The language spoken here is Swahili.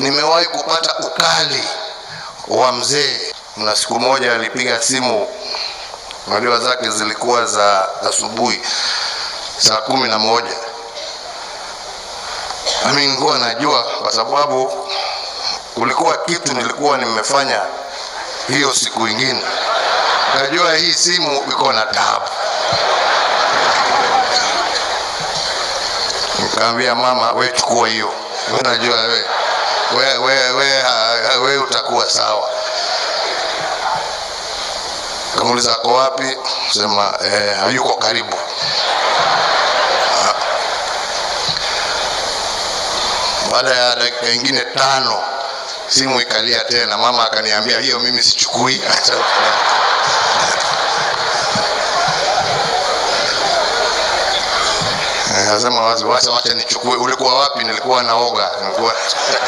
Nimewahi kupata ukali wa mzee, na siku moja alipiga simu, najua zake zilikuwa za asubuhi saa kumi na moja. Mimi nilikuwa najua kwa sababu kulikuwa kitu nilikuwa nimefanya hiyo siku ingine, najua hii simu iko na taabu. Nikamwambia mama, wewe chukua hiyo, mimi najua wewe wewe we, we, utakuwa sawa. kamuliza ako wapi, sema eh, yuko karibu. Baada ya dakika nyingine tano simu ikalia tena, mama akaniambia hiyo mimi sichukui. Nasema wazi, wacha nichukue. Ulikuwa wapi? Nilikuwa naoga, nilikuwa